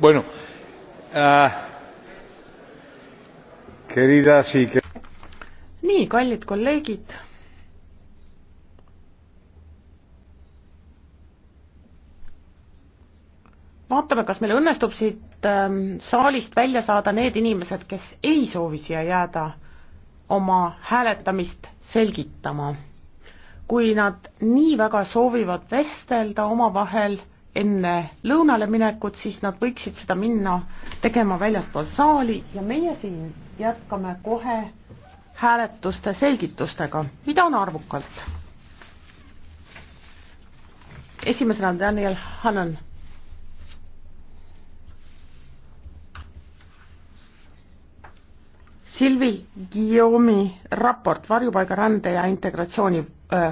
Bueno, äh, ah, siike... nii, kallid kolleegid. vaatame, kas meil õnnestub siit äh, saalist välja saada need inimesed, kes ei soovi siia jääda oma hääletamist selgitama. kui nad nii väga soovivad vestelda omavahel enne lõunale minekut, siis nad võiksid seda minna tegema väljaspool saali ja meie siin jätkame kohe hääletuste selgitustega, mida on arvukalt. esimesena Daniel Hannan. Silvi Guillaume'i raport varjupaigarände ja integratsiooni äh,